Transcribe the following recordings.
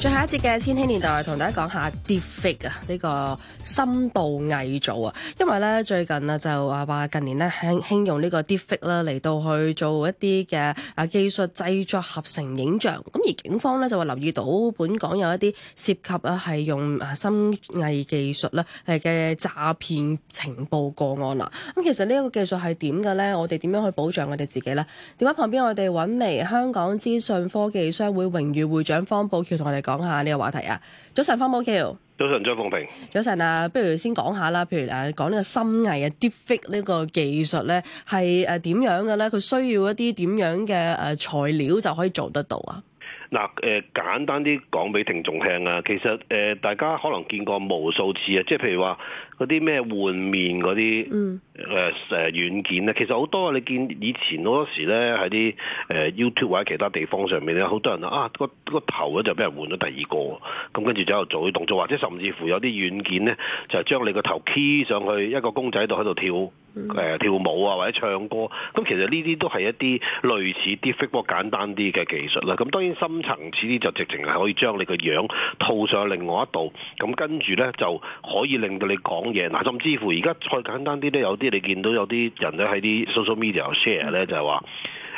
最下一節嘅千禧年代，同大家講下 Deepfake 啊，呢個深度偽造啊，因為咧最近啊就話話近年咧興用呢個 Deepfake 啦嚟，到去做一啲嘅啊技術製作合成影像，咁而警方咧就話留意到本港有一啲涉及啊係用啊深偽技術啦嘅詐騙情報個案啦。咁其實呢一個技術係點嘅咧？我哋點樣去保障我哋自己咧？電話旁邊我哋搵嚟香港資訊科技商會榮譽會長方保僑，同我哋講。講下呢個話題啊！早晨，方保僑。早晨，張鳳平。早晨啊，不如先講下啦。譬如，誒，講呢個心藝啊，Deepfake 呢個技術咧，係誒點樣嘅咧？佢需要一啲點樣嘅誒材料就可以做得到啊？嗱，誒簡單啲講俾聽眾聽啊，其實誒大家可能見過無數次啊，即係譬如話嗰啲咩換面嗰啲誒誒軟件咧、嗯，其實好多你見以前好多時咧喺啲誒 YouTube 或者其他地方上面咧，好多人啊啊個個頭咧就俾人換咗第二個，咁跟住就喺度做啲動作，或者甚至乎有啲軟件咧就將你個頭 K 上去一個公仔度喺度跳。誒、嗯、跳舞啊，或者唱歌，咁其實呢啲都係一啲類似啲 fake 波簡單啲嘅技術啦。咁當然深層次啲就直情係可以將你個樣套上另外一度。咁跟住呢，就可以令到你講嘢。嗱，甚至乎而家再簡單啲呢，有啲你見到有啲人呢喺啲 social media share 呢，就係話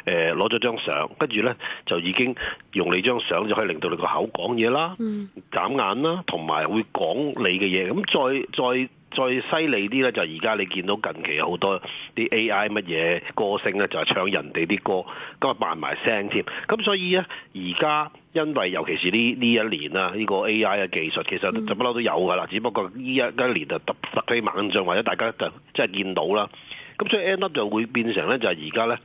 誒攞咗張相，跟住呢就已經用你張相就可以令到你個口講嘢啦，眨眼啦，同埋會講你嘅嘢。咁再再，再再犀利啲咧，就係而家你見到近期有好多啲 AI 乜嘢歌星咧，就係唱人哋啲歌，咁啊扮埋聲添。咁所以咧，而家因為尤其是呢呢一年啊，呢個 AI 嘅技術其實就不嬲都有噶啦，只不過呢一一年就特突飛猛進，或者大家就即係見到啦。咁所以 End Up 就會變成咧，就係而家咧。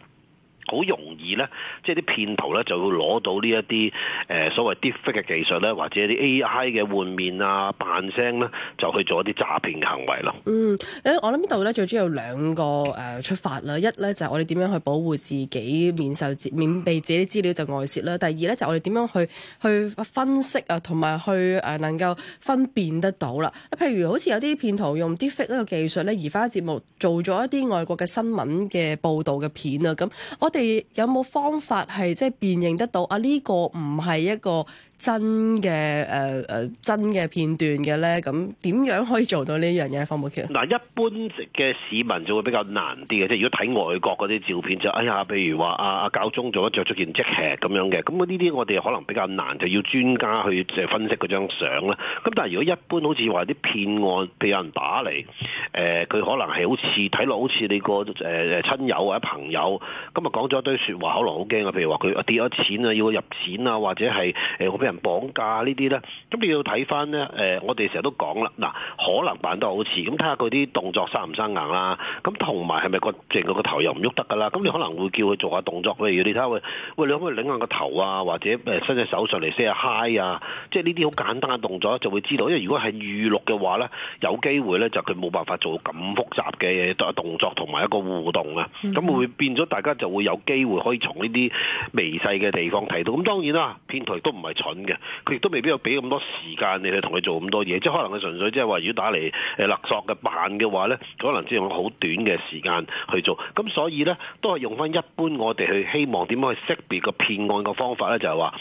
好容易咧，即係啲騙徒咧就會攞到呢一啲誒所謂 deepfake 嘅技術咧，或者啲 AI 嘅換面啊、扮聲咧，就去做一啲詐騙嘅行為咯。嗯，我諗呢度咧最主要有兩個誒出發啦，一咧就係我哋點樣去保護自己免受免被自己啲資料就外泄啦。第二咧就係我哋點樣去去分析啊，同埋去能夠分辨得到啦。譬如好似有啲騙徒用 deepfake 呢個技術咧，移花接木做咗一啲外國嘅新聞嘅報導嘅片啊，咁我。有冇方法係即係辨認得到啊？呢、呢個唔係一個真嘅誒誒真嘅片段嘅咧？咁點樣可以做到呢樣嘢？方保僑嗱，一般嘅市民就會比較難啲嘅，即係如果睇外國嗰啲照片就哎呀，譬如話啊啊教宗做咗着出件即騎咁樣嘅，咁呢啲我哋可能比較難，就要專家去即係分析張相啦。咁但係如果一般好似話啲騙案，俾有人打嚟，誒、呃、佢可能係好似睇落好似你個誒誒親友或者朋友，咁啊講。咗堆説話可能好驚啊！譬如話佢跌咗錢啊，要入錢啊，或者係誒我俾人綁架呢啲咧，咁你要睇翻咧誒，我哋成日都講啦，嗱，可能扮得好似，咁睇下佢啲動作生唔生硬啦，咁同埋係咪個淨個個頭又唔喐得噶啦？咁你可能會叫佢做下動作，譬如你睇下喂，喂，你可唔可以擰下個頭啊，或者伸隻手上嚟 say 下 hi 啊，即係呢啲好簡單嘅動作就會知道，因為如果係預錄嘅話咧，有機會咧就佢冇辦法做咁複雜嘅動作同埋一個互動啊，咁會變咗大家就會。有機會可以從呢啲微細嘅地方睇到，咁當然啦，騙徒亦都唔係蠢嘅，佢亦都未必要俾咁多時間你去同佢做咁多嘢，即係可能佢純粹即係話，如果打嚟誒勒索嘅辦嘅話咧，可能只用好短嘅時間去做，咁所以咧都係用翻一般我哋去希望點樣去識別個騙案個方法咧，就係話。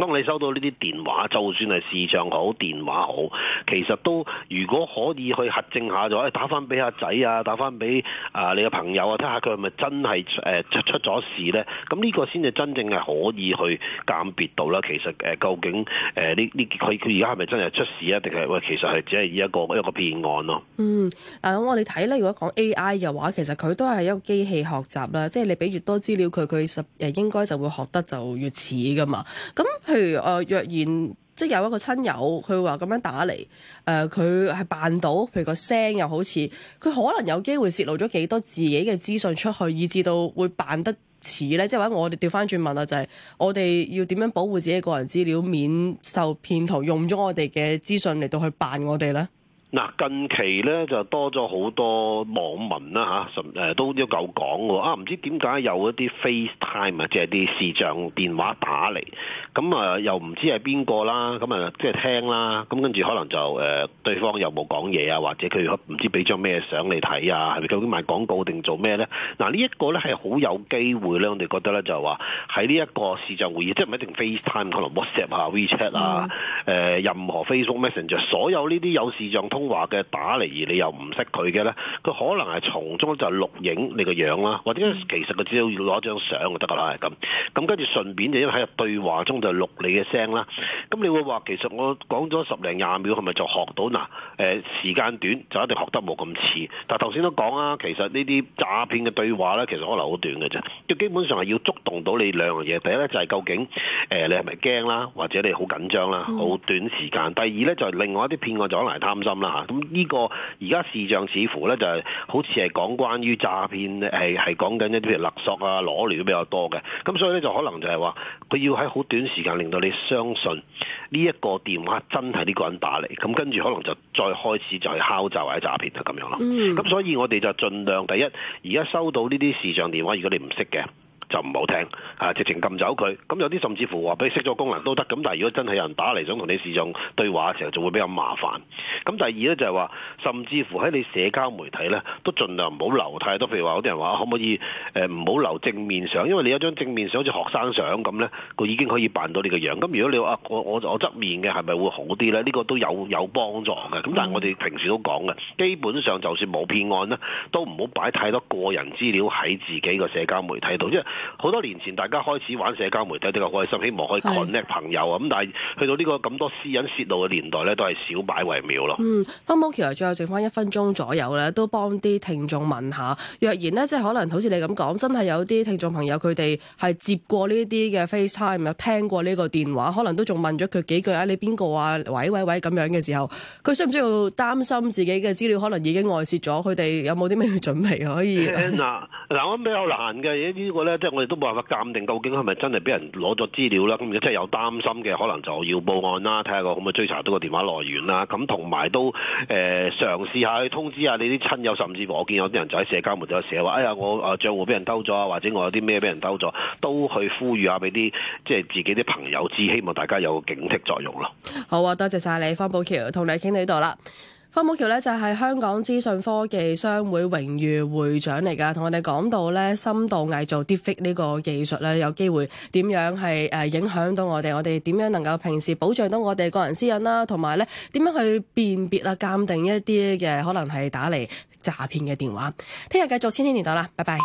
當你收到呢啲電話，就算係視像好、電話好，其實都如果可以去核證下，就打翻俾阿仔啊，打翻俾啊你嘅朋友啊，睇下佢係咪真係出咗事咧？咁呢個先至真正係可以去鑑別到啦。其實究竟呢呢佢佢而家係咪真係出事啊？定係喂其實係只係依一個一個騙案咯？嗯，咁我哋睇咧，如果講 A I 嘅話，其實佢都係一個機器學習啦，即係你俾越多資料佢，佢實誒應該就會學得就越似噶嘛。咁譬如誒、呃，若然即係有一個親友，佢話咁樣打嚟，誒佢係扮到，譬如個聲又好似，佢可能有機會泄露咗幾多自己嘅資訊出去，以至到會扮得似咧。即係話我哋調翻轉問啊，就係、是、我哋要點樣保護自己嘅個人資料，免受騙徒用咗我哋嘅資訊嚟到去扮我哋咧？嗱近期咧就多咗好多網民啦吓，都一嚿講喎啊。唔、嗯啊、知點解有一啲 FaceTime 啊，即係啲視像電話打嚟，咁、嗯、啊又唔知係邊個啦，咁啊即係、嗯就是、聽啦，咁跟住可能就誒、呃、對方又冇講嘢啊，或者佢唔知俾張咩相你睇啊，係咪究竟賣廣告定做咩咧？嗱、啊這個、呢一個咧係好有機會咧，我哋覺得咧就係話喺呢一個視像會議，即係唔一定 FaceTime，可能 WhatsApp、mm. 啊、WeChat、呃、啊、誒任何 Facebook Messenger，所有呢啲有視像通。通話嘅打嚟而你又唔識佢嘅咧，佢可能係從中就錄影你個樣啦，或者其實佢只要攞張相就得噶啦，係咁。咁跟住順便就因為喺對話中就錄你嘅聲啦。咁你會話其實我講咗十零廿秒係咪就學到嗱？誒時間短就一定學得冇咁似。但係頭先都講啦，其實呢啲詐騙嘅對話咧，其實可能好短嘅啫。佢基本上係要觸動到你兩樣嘢，第一咧就係究竟誒你係咪驚啦，或者你好緊張啦，好短時間。第二咧就係另外一啲騙案就可能係貪心啦。啊，咁呢個而家視像似乎咧就好似係講關於詐騙，係係講緊一啲譬如勒索啊、攞料都比較多嘅，咁所以咧就可能就係話佢要喺好短時間令到你相信呢一個電話真係呢個人打嚟，咁跟住可能就再開始就係敲詐或者詐騙啊咁、就是、樣咯。咁所以我哋就盡量第一，而家收到呢啲視像電話，如果你唔識嘅。就唔好聽，啊，直情撳走佢。咁有啲甚至乎話俾你熄咗功能都得。咁但係如果真係有人打嚟想同你視像對話，嘅時候就會比較麻煩。咁第二咧就係、是、話，甚至乎喺你社交媒體咧，都盡量唔好留太多。譬如話有啲人話可唔可以唔好、呃、留正面相，因為你有張正面相好似學生相咁咧，佢已經可以扮到你嘅樣。咁如果你話我我我側面嘅係咪會好啲咧？呢、呢個都有有幫助嘅。咁但係我哋平時都講嘅，基本上就算冇騙案呢，都唔好擺太多個人資料喺自己個社交媒體度，因好多年前大家開始玩社交媒體，都係開心，希望可以 connect 朋友啊。咁但係去到呢、呢個咁多私隱泄露嘅年代咧，都係少擺為妙咯。嗯，翻返保僑最後剩翻一分鐘左右咧，都幫啲聽眾問下，若然呢，即係可能好似你咁講，真係有啲聽眾朋友佢哋係接過呢啲嘅 FaceTime，有聽過呢個電話，可能都仲問咗佢幾句啊，你邊個啊？喂喂喂咁樣嘅時候，佢需唔需要擔心自己嘅資料可能已經外泄咗？佢哋有冇啲咩準備可以嗱，我諗、嗯嗯、 比較難嘅呢個咧，我哋都冇辦法鑑定究竟係咪真係俾人攞咗資料啦，咁如果真係有擔心嘅，可能就要報案啦，睇下個可唔可以追查到個電話來源啦，咁同埋都誒嘗試下去通知下你啲親友，甚至乎我見有啲人就喺社交媒體寫話，哎呀，我誒賬戶俾人偷咗啊，或者我有啲咩俾人偷咗，都去呼籲下俾啲即係自己啲朋友知，希望大家有警惕作用咯。好啊，多謝晒你，方保僑，同你傾到呢度啦。方保僑咧就係、是、香港資訊科技商會榮譽會長嚟㗎，同我哋講到咧深度偽造 deepfake 呢個技術咧，有機會點樣係誒影響到我哋，我哋點樣能夠平時保障到我哋個人私隱啦，同埋咧點樣去辨別啦鑑定一啲嘅可能係打嚟詐騙嘅電話。聽日繼續千禧年代啦，拜拜。